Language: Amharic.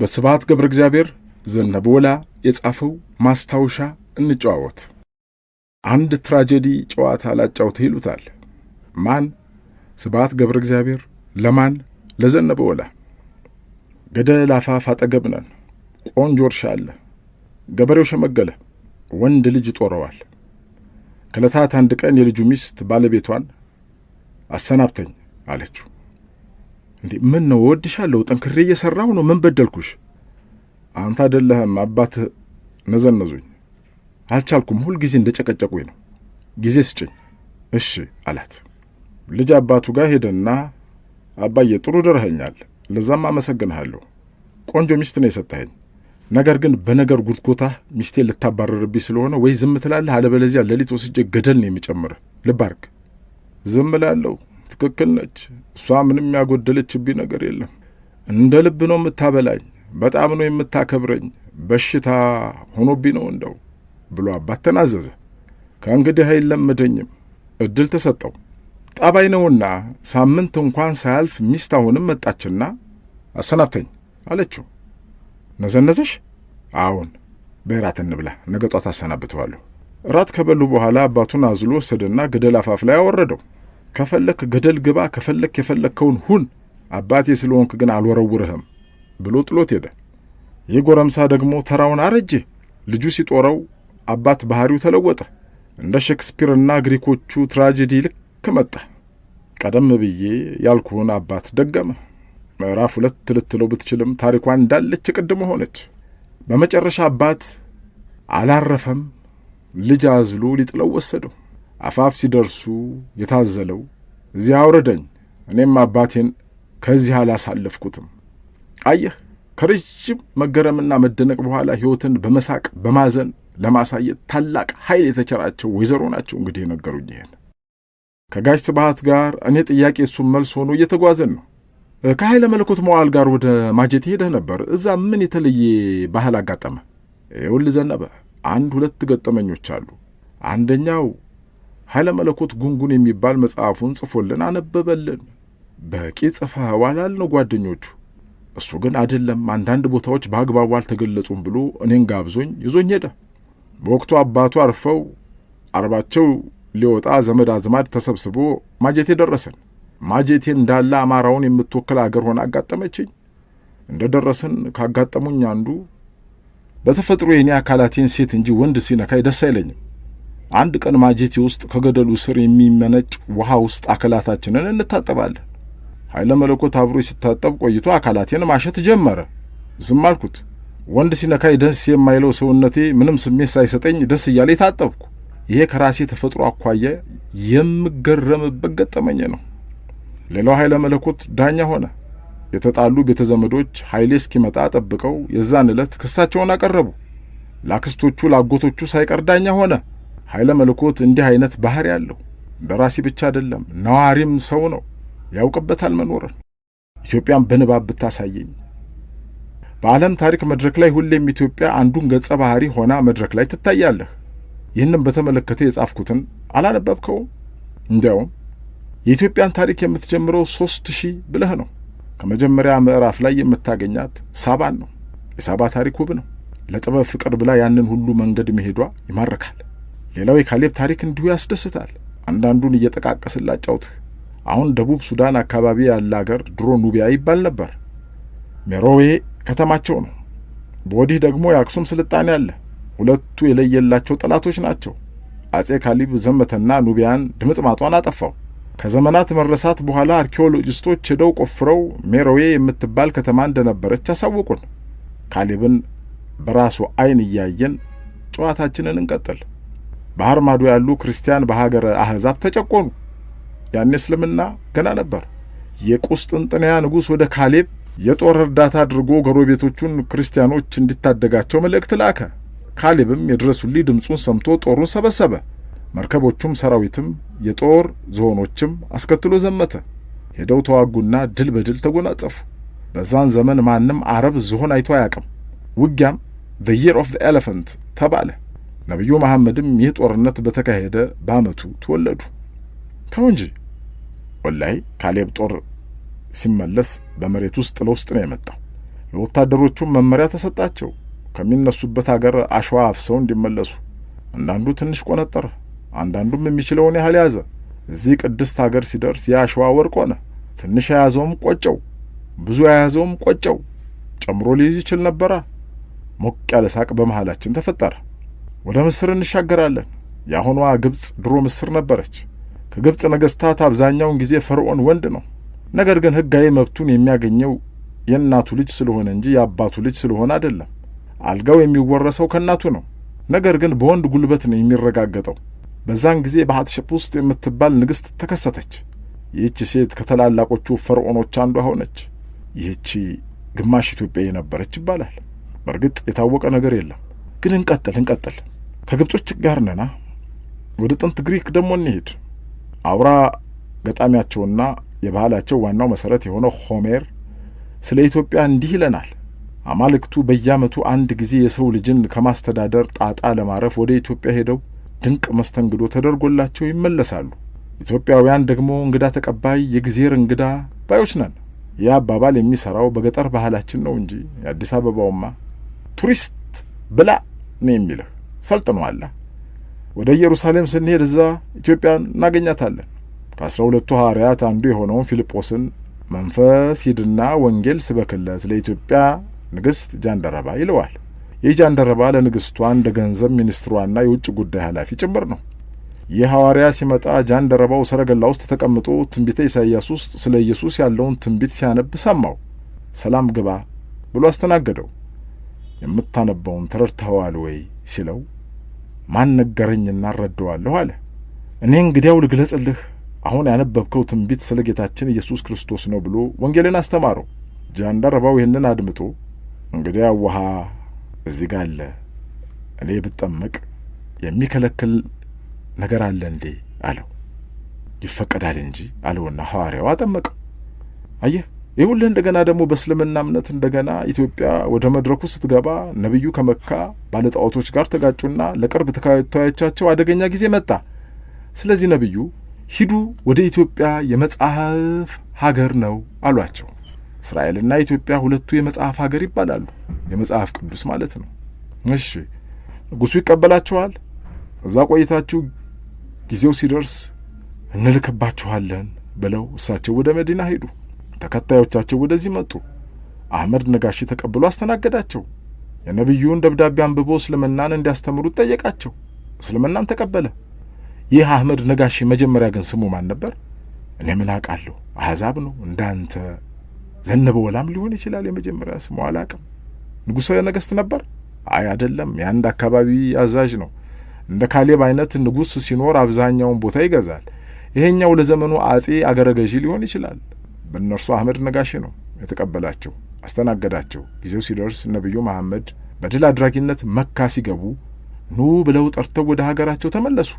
በስብሐት ገብረ እግዚአብሔር ዘነበ ወላ የጻፈው ማስታወሻ እንጨዋወት። አንድ ትራጀዲ ጨዋታ ላጫውት ይሉታል። ማን? ስብሐት ገብረ እግዚአብሔር። ለማን? ለዘነበ ወላ። ገደል አፋፍ አጠገብ ነን። ቆንጆ እርሻ አለ። ገበሬው ሸመገለ፣ ወንድ ልጅ ጦረዋል። ከለታት አንድ ቀን የልጁ ሚስት ባለቤቷን አሰናብተኝ አለችው። እንዴ ምን ነው እወድሻለሁ፣ ጠንክሬ እየሰራሁ ነው። ምን በደልኩሽ? አንተ አይደለህም አባት ነዘነዙኝ፣ አልቻልኩም። ሁልጊዜ እንደ ጨቀጨቁኝ ነው። ጊዜ ስጭኝ። እሺ አላት። ልጅ አባቱ ጋር ሄደና አባዬ ጥሩ ድረኸኛል፣ ለዛም አመሰግንሃለሁ። ቆንጆ ሚስት ነው የሰጠኸኝ። ነገር ግን በነገር ጉትጎታ ሚስቴ ልታባረርብኝ ስለሆነ ወይ ዝም ትላለህ፣ አለበለዚያ ሌሊት ወስጄ ገደል ነው የሚጨምርህ። ልባርክ። ዝም እላለሁ ትክክል ነች። እሷ ምንም ያጎደለችብኝ ነገር የለም። እንደ ልብ ነው የምታበላኝ፣ በጣም ነው የምታከብረኝ። በሽታ ሆኖብኝ ነው እንደው ብሎ አባት ተናዘዘ። ከእንግዲህ አይለመደኝም። እድል ተሰጠው። ጠባይ ነውና ሳምንት እንኳን ሳያልፍ ሚስት አሁንም መጣችና አሰናብተኝ አለችው። ነዘነዘሽ? አሁን በራት እንብላ፣ ነገ ጧት አሰናብተዋለሁ። እራት ከበሉ በኋላ አባቱን አዝሎ ወሰደና ገደል አፋፍ ላይ አወረደው። ከፈለክ ገደል ግባ፣ ከፈለክ የፈለግከውን ሁን፣ አባቴ ስለሆንክ ግን አልወረውርህም ብሎ ጥሎት ሄደ። ይህ ጎረምሳ ደግሞ ተራውን አረጀ። ልጁ ሲጦረው አባት ባህሪው ተለወጠ። እንደ ሼክስፒርና ግሪኮቹ ትራጀዲ ልክ መጣ። ቀደም ብዬ ያልኩህን አባት ደገመ። ምዕራፍ ሁለት ልትለው ብትችልም ታሪኳ እንዳለች ቅድመ ሆነች። በመጨረሻ አባት አላረፈም። ልጅ አዝሎ ሊጥለው ወሰደው። አፋፍ ሲደርሱ የታዘለው እዚያ አውረደኝ፣ እኔም አባቴን ከዚህ አላሳለፍኩትም። አየህ ከረጅም መገረምና መደነቅ በኋላ ሕይወትን በመሳቅ በማዘን ለማሳየት ታላቅ ኃይል የተቸራቸው ወይዘሮ ናቸው እንግዲህ የነገሩኝ ይህን። ከጋሽ ስብሐት ጋር እኔ ጥያቄ እሱም መልስ ሆኖ እየተጓዘን ነው። ከኃይለ መለኮት መዋል ጋር ወደ ማጀት ሄደህ ነበር። እዛ ምን የተለየ ባህል አጋጠመ? ይኸውልህ ዘነበ፣ አንድ ሁለት ገጠመኞች አሉ። አንደኛው ኃይለ መለኮት ጉንጉን የሚባል መጽሐፉን ጽፎልን አነበበልን። በቂ ጽፈዋል አልነው ጓደኞቹ። እሱ ግን አይደለም አንዳንድ ቦታዎች በአግባቡ አልተገለጹም ብሎ እኔን ጋብዞኝ ይዞኝ ሄደ። በወቅቱ አባቱ አርፈው አርባቸው ሊወጣ ዘመድ አዝማድ ተሰብስቦ ማጀቴ ደረሰን። ማጀቴ እንዳለ አማራውን የምትወክል አገር ሆና አጋጠመችኝ። እንደ ደረስን ካጋጠሙኝ አንዱ በተፈጥሮ የእኔ አካላቴን ሴት እንጂ ወንድ ሲነካ ደስ አይለኝም አንድ ቀን ማጀቴ ውስጥ ከገደሉ ስር የሚመነጭ ውሃ ውስጥ አካላታችንን እንታጠባለን። ኃይለ መለኮት አብሮ ሲታጠብ ቆይቶ አካላቴን ማሸት ጀመረ። ዝም አልኩት። ወንድ ሲነካይ ደስ የማይለው ሰውነቴ ምንም ስሜት ሳይሰጠኝ ደስ እያለ የታጠብኩ። ይሄ ከራሴ ተፈጥሮ አኳየ የምገረምበት ገጠመኝ ነው። ሌላው ኃይለ መለኮት ዳኛ ሆነ። የተጣሉ ቤተ ዘመዶች ኃይሌ እስኪመጣ ጠብቀው የዛን ዕለት ክሳቸውን አቀረቡ። ላክስቶቹ ላጎቶቹ ሳይቀር ዳኛ ሆነ። ኃይለ መለኮት እንዲህ አይነት ባህሪ አለው። ደራሲ ብቻ አይደለም፣ ነዋሪም ሰው ነው። ያውቅበታል መኖርን። ኢትዮጵያን በንባብ ብታሳየኝ። በዓለም ታሪክ መድረክ ላይ ሁሌም ኢትዮጵያ አንዱን ገጸ ባህሪ ሆና መድረክ ላይ ትታያለህ። ይህንም በተመለከተ የጻፍኩትን አላነበብከውም? እንዲያውም የኢትዮጵያን ታሪክ የምትጀምረው ሶስት ሺህ ብለህ ነው። ከመጀመሪያ ምዕራፍ ላይ የምታገኛት ሳባን ነው። የሳባ ታሪክ ውብ ነው። ለጥበብ ፍቅር ብላ ያንን ሁሉ መንገድ መሄዷ ይማርካል። ሌላው የካሌብ ታሪክ እንዲሁ ያስደስታል። አንዳንዱን እየጠቃቀስን ላጫውትህ። አሁን ደቡብ ሱዳን አካባቢ ያለ አገር ድሮ ኑቢያ ይባል ነበር። ሜሮዌ ከተማቸው ነው። በወዲህ ደግሞ የአክሱም ስልጣኔ አለ። ሁለቱ የለየላቸው ጠላቶች ናቸው። አጼ ካሊብ ዘመተና ኑቢያን ድምጥማጧን አጠፋው። ከዘመናት መረሳት በኋላ አርኪኦሎጂስቶች ሄደው ቆፍረው ሜሮዌ የምትባል ከተማ እንደነበረች አሳውቁን። ካሊብን በራሱ አይን እያየን ጨዋታችንን እንቀጥል። ባህር ማዶ ያሉ ክርስቲያን በሀገረ አህዛብ ተጨቆኑ። ያኔ እስልምና ገና ነበር። የቁስጥንጥንያ ንጉሥ ወደ ካሌብ የጦር እርዳታ አድርጎ ጎረቤቶቹን ክርስቲያኖች እንዲታደጋቸው መልእክት ላከ። ካሌብም የድረሱልኝ ድምፁን ሰምቶ ጦሩን ሰበሰበ። መርከቦቹም ሰራዊትም የጦር ዝሆኖችም አስከትሎ ዘመተ። ሄደው ተዋጉና ድል በድል ተጎናጸፉ። በዛን ዘመን ማንም አረብ ዝሆን አይቶ አያቅም። ውጊያም ዘ የር ኦፍ ኤሌፈንት ተባለ። ነቢዩ መሐመድም ይህ ጦርነት በተካሄደ በአመቱ ተወለዱ። ተው እንጂ ወላይ ካሌብ ጦር ሲመለስ በመሬት ውስጥ ለውስጥ ነው የመጣው። ለወታደሮቹም መመሪያ ተሰጣቸው፣ ከሚነሱበት አገር አሸዋ አፍሰው እንዲመለሱ። አንዳንዱ ትንሽ ቆነጠረ፣ አንዳንዱም የሚችለውን ያህል ያዘ። እዚህ ቅድስት አገር ሲደርስ የአሸዋ ወርቅ ሆነ። ትንሽ የያዘውም ቆጨው፣ ብዙ የያዘውም ቆጨው። ጨምሮ ሊይዝ ይችል ነበራ። ሞቅ ያለ ሳቅ በመሃላችን ተፈጠረ። ወደ ምስር እንሻገራለን። የአሁኗ ግብፅ ድሮ ምስር ነበረች። ከግብፅ ነገስታት አብዛኛውን ጊዜ ፈርዖን ወንድ ነው። ነገር ግን ህጋዊ መብቱን የሚያገኘው የእናቱ ልጅ ስለሆነ እንጂ የአባቱ ልጅ ስለሆነ አይደለም። አልጋው የሚወረሰው ከእናቱ ነው። ነገር ግን በወንድ ጉልበት ነው የሚረጋገጠው። በዛን ጊዜ በሐትሸፕ ውስጥ የምትባል ንግሥት ተከሰተች። ይህቺ ሴት ከታላላቆቹ ፈርዖኖች አንዷ ሆነች። ይህቺ ግማሽ ኢትዮጵያዊ ነበረች ይባላል። በእርግጥ የታወቀ ነገር የለም። ግን እንቀጥል እንቀጥል። ከግብጾች ጋር ነና። ወደ ጥንት ግሪክ ደግሞ እንሄድ። አውራ ገጣሚያቸውና የባህላቸው ዋናው መሰረት የሆነው ሆሜር ስለ ኢትዮጵያ እንዲህ ይለናል። አማልክቱ በየዓመቱ አንድ ጊዜ የሰው ልጅን ከማስተዳደር ጣጣ ለማረፍ ወደ ኢትዮጵያ ሄደው ድንቅ መስተንግዶ ተደርጎላቸው ይመለሳሉ። ኢትዮጵያውያን ደግሞ እንግዳ ተቀባይ፣ የጊዜር እንግዳ ባዮች ነን። ይህ አባባል የሚሰራው በገጠር ባህላችን ነው እንጂ የአዲስ አበባውማ ቱሪስት ብላ ነው የሚልህ። ሰልጥነዋል። ወደ ኢየሩሳሌም ስንሄድ እዛ ኢትዮጵያን እናገኛታለን። ከአስራ ሁለቱ ሐዋርያት አንዱ የሆነውን ፊልጶስን መንፈስ ሂድና ወንጌል ስበክለት ለኢትዮጵያ ንግሥት ጃንደረባ ይለዋል። ይህ ጃንደረባ ለንግሥቷ እንደ ገንዘብ ሚኒስትሯና የውጭ ጉዳይ ኃላፊ ጭምር ነው። ይህ ሐዋርያ ሲመጣ ጃንደረባው ሰረገላ ውስጥ ተቀምጦ ትንቢተ ኢሳይያስ ውስጥ ስለ ኢየሱስ ያለውን ትንቢት ሲያነብ ሰማው። ሰላም ግባ ብሎ አስተናገደው። የምታነበውን ተረድተኸዋል ወይ ሲለው ማን ነገረኝ እናረደዋለሁ አለ። እኔ እንግዲያው ልግለጽልህ አሁን ያነበብከው ትንቢት ስለ ጌታችን ኢየሱስ ክርስቶስ ነው ብሎ ወንጌልን አስተማረው። ጃንደረባው ይህንን አድምጦ እንግዲያው ውሃ እዚህ ጋር አለ፣ እኔ ብጠመቅ የሚከለክል ነገር አለ እንዴ አለው። ይፈቀዳል እንጂ አለውና ሐዋርያው አጠመቀው። አየህ ይህ እንደገና ደግሞ በእስልምና እምነት እንደገና ኢትዮጵያ ወደ መድረኩ ስትገባ ነቢዩ ከመካ ባለጣዖቶች ጋር ተጋጩና ለቅርብ ተከታዮቻቸው አደገኛ ጊዜ መጣ። ስለዚህ ነቢዩ ሂዱ ወደ ኢትዮጵያ የመጽሐፍ ሀገር ነው አሏቸው። እስራኤልና ኢትዮጵያ ሁለቱ የመጽሐፍ ሀገር ይባላሉ። የመጽሐፍ ቅዱስ ማለት ነው። እሺ ንጉሡ ይቀበላችኋል። እዛ ቆይታችሁ ጊዜው ሲደርስ እንልክባችኋለን ብለው እሳቸው ወደ መዲና ሄዱ። ተከታዮቻቸው ወደዚህ መጡ። አህመድ ነጋሽ ተቀብሎ አስተናገዳቸው። የነቢዩን ደብዳቤ አንብቦ እስልምናን እንዲያስተምሩት ጠየቃቸው። እስልምናን ተቀበለ። ይህ አህመድ ነጋሽ መጀመሪያ ግን ስሙ ማን ነበር? እኔ ምን አውቃለሁ? አሕዛብ ነው እንዳንተ ዘነበ ወላም ሊሆን ይችላል። የመጀመሪያ ስሙ አላቅም። ንጉሠ ነገሥት ነበር? አይ አይደለም፣ የአንድ አካባቢ አዛዥ ነው። እንደ ካሌብ አይነት ንጉሥ ሲኖር አብዛኛውን ቦታ ይገዛል። ይሄኛው ለዘመኑ አጼ አገረ ገዢ ሊሆን ይችላል። በእነርሱ አህመድ ነጋሽ ነው የተቀበላቸው፣ አስተናገዳቸው። ጊዜው ሲደርስ ነቢዩ መሐመድ በድል አድራጊነት መካ ሲገቡ ኑ ብለው ጠርተው ወደ ሀገራቸው ተመለሱ።